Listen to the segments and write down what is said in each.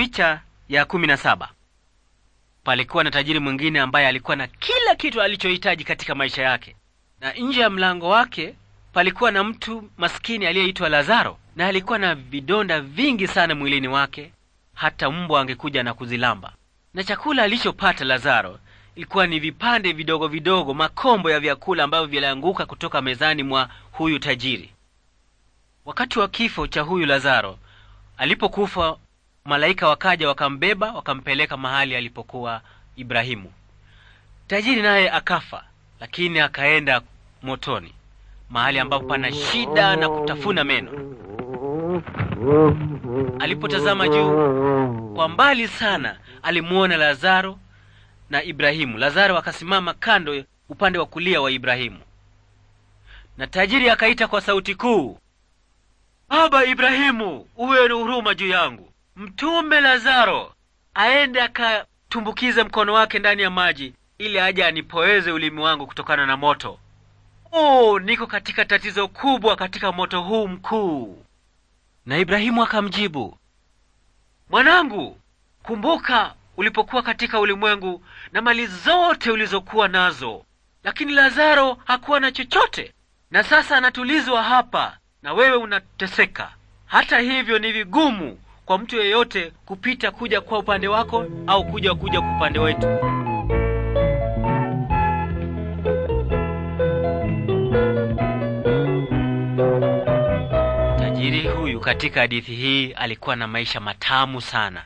Picha ya kumi na saba. Palikuwa na tajiri mwingine ambaye alikuwa na kila kitu alichohitaji katika maisha yake, na nje ya mlango wake palikuwa na mtu maskini aliyeitwa Lazaro, na alikuwa na vidonda vingi sana mwilini wake, hata mbwa angekuja na kuzilamba. Na chakula alichopata Lazaro ilikuwa ni vipande vidogo vidogo, makombo ya vyakula ambavyo vilianguka kutoka mezani mwa huyu tajiri. Wakati wa kifo cha huyu Lazaro, alipokufa malaika wakaja wakambeba wakampeleka mahali alipokuwa Ibrahimu. Tajiri naye akafa, lakini akaenda motoni, mahali ambapo pana shida na kutafuna meno. Alipotazama juu kwa mbali sana, alimwona Lazaro na Ibrahimu. Lazaro akasimama kando, upande wa kulia wa Ibrahimu, na tajiri akaita kwa sauti kuu, Baba Ibrahimu, uwe na huruma juu yangu, Mtume Lazaro aende akatumbukize mkono wake ndani ya maji ili aje anipoeze ulimi wangu kutokana na moto. Oh, niko katika tatizo kubwa katika moto huu mkuu. Na Ibrahimu akamjibu, mwanangu, kumbuka ulipokuwa katika ulimwengu na mali zote ulizokuwa nazo, lakini Lazaro hakuwa na chochote, na sasa anatulizwa hapa na wewe unateseka. Hata hivyo ni vigumu kwa mtu yeyote kupita kuja kwa upande wako au kuja kuja kwa upande wetu. Tajiri huyu katika hadithi hii alikuwa na maisha matamu sana,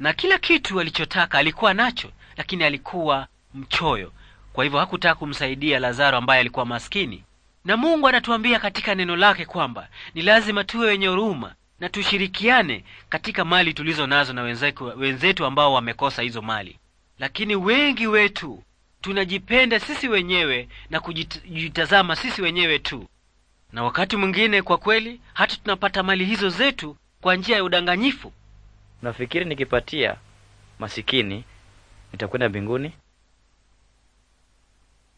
na kila kitu alichotaka alikuwa nacho, lakini alikuwa mchoyo. Kwa hivyo hakutaka kumsaidia Lazaro ambaye alikuwa maskini. Na Mungu anatuambia katika neno lake kwamba ni lazima tuwe wenye huruma na tushirikiane katika mali tulizo nazo na wenzetu ambao wamekosa hizo mali. Lakini wengi wetu tunajipenda sisi wenyewe na kujitazama sisi wenyewe tu, na wakati mwingine kwa kweli hata tunapata mali hizo zetu kwa njia ya udanganyifu. Nafikiri nikipatia masikini nitakwenda mbinguni?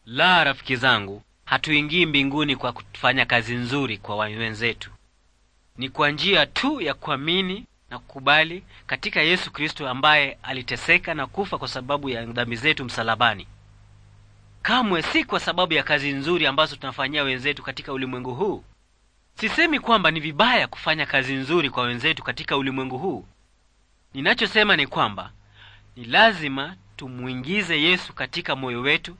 La, rafiki zangu, hatuingii mbinguni kwa kufanya kazi nzuri kwa wenzetu ni kwa njia tu ya kuamini na kukubali katika Yesu Kristo ambaye aliteseka na kufa kwa sababu ya dhambi zetu msalabani. Kamwe si kwa sababu ya kazi nzuri ambazo tunafanyia wenzetu katika ulimwengu huu. Sisemi kwamba ni vibaya kufanya kazi nzuri kwa wenzetu katika ulimwengu huu. Ninachosema ni kwamba ni lazima tumwingize Yesu katika moyo wetu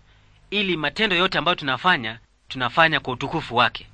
ili matendo yote ambayo tunafanya tunafanya kwa utukufu wake.